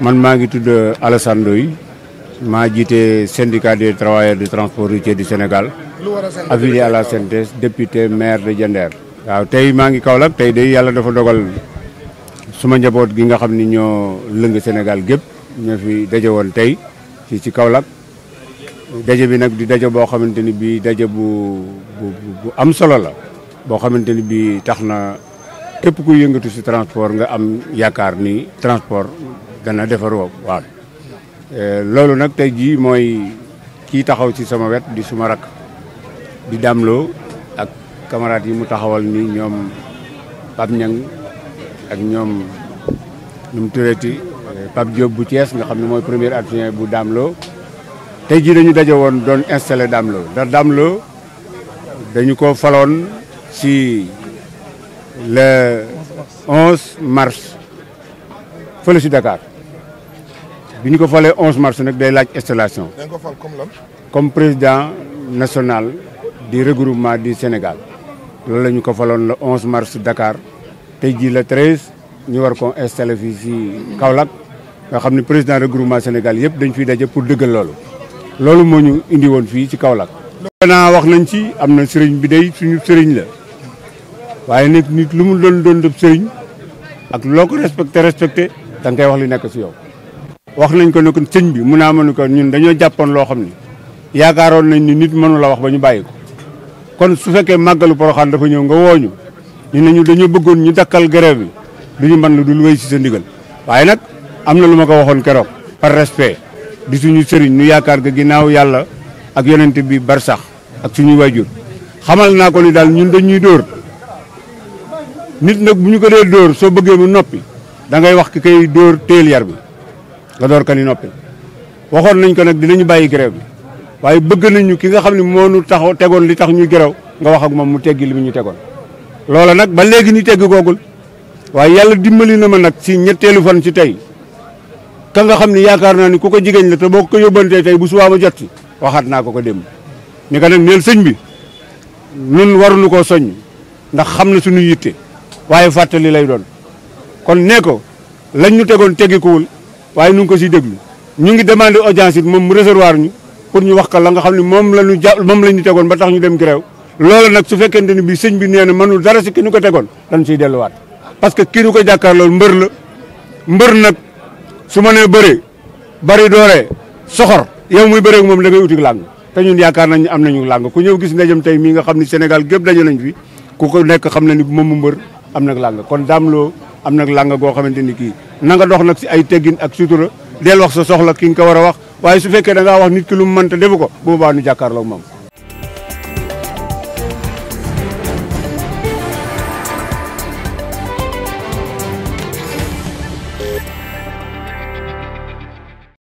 man maa ngi tudd euh, Alassane Ndoye maa jiite syndicat des travailleurs du transport routier du Sénégal affilié à la mayor député maire de jender waaw tey maa ngi Kaolack tey day yàlla dafa dogal suma njaboot gi nga xam ni ñoo lëng Sénégal gépp ñoo fi daje woon tey ci ci daje bi nag di daje boo xamante ni bii bu bu am solo la boo xamante ni bii tax na yëngatu si transport nga am yaakaar ni transport dana defar waal eh, lolu nak tay ji moy ki taxaw ci sama wet di suma rak di Damlo, ak camarade yi mu taxawal ni ñom pap ñang ak ñom num tureti eh, pap job bu ties nga xamni moy premier adjoint bu Damlo. tay ji dañu daje woon doon installé damloo Damlo, dañu ko falon si le 11 mars fële si Dakar bi ñu ko falee onze mars nag day laaj installation. dañ ko fal comme lan. président national di regroupement du Sénégal loolu la ñu ko faloon le onze mars Dakar tey jii le 13 ñu war ko installé fii si Kaolack nga xam ne président regroupement Sénégal yëpp dañ fiy daje pour dëggal loolu. loolu moo ñu indi woon fii ci Kaolack. gannaaw wax nañ si am na sëriñ bi day suñu sëriñ la waaye nag nit lu mu doon doon def sëriñ ak loo ko respecté respecté da koy wax li nekk si yow. wax nañ ko ne ko señ bi mu naa mënu ko ñun dañu jàppoon lo xamni yaakaaroon nañ ni nit mënu la wax bañu ñu ko kon su fekke magalu poroxan dafa ñew nga woñu ñu nañu dañu bëggoon ñu dakkal grève bi ñu man lu dul wéy sa ndigal waye nak amna luma ko waxon kéro par respect di suñu sëriñ nu yaakaar ga ginaaw yalla ak yonent bi bar sax ak suñu wajur xamal na ko ni dal ñun dañuy door nit nak buñu ko dé door so bëggee mu nopi da ngay wax ki kay door téel yar bi nga door ko ni noppi waxoon nañ ko nag dinañu bàyyi grève bi waaye bëgg nañu ki nga xam ne moo nu taxaw tegoon li tax ñuy grève nga wax ak moom mu teggi li mu ñu tegoon. loola nag ba léegi ni teggi googul waaye yàlla dimbali na ma nag si ñetteelu fan ci tey ka nga xam ni yaakaar naa ni ku ko jigéen la te boo ko yóbbantee tey bu subaa ma jot ti waxaat naa ko ko démb ni ko nag neel sëñ bi nun waruñu ko soññ ndax xam na suñu yitte waaye fàttali lay doon kon nee ko lañ ñu tegoon teggikuwul waye ñu ko ci déglu ñu ngi demander audience mom mu réservoir ñu pour ñu wax ka la nga xamni mom moom la ñu jàpp moom la ba tax ñu dem grève loolu nak su fekkene ni bi señ bi néna na dara ci ki ñu ko téggon dañ déllu waat parce que ki ñu ko jakkar loolu mbeur la mbeur nak su ma nee bari dooree soxor yow muy bëree mom la ngay uti lang té ñun yaakar nañ am nañu lang ku ñew gis jëm tay mi nga xamni ni Sénégal gëp dañu nañ fi ku ko nek xamna na ni mom mu mbër am nak lang kon damlo am nak lang go xamanteni ki nanga dox na si ay teggin ak sutura del wax sa soxla ki nga ko war a wax waaye su fekkee da ngaa wax nit ki lu mu mënta defu ko bu boobaa nu jàkkaarloog moom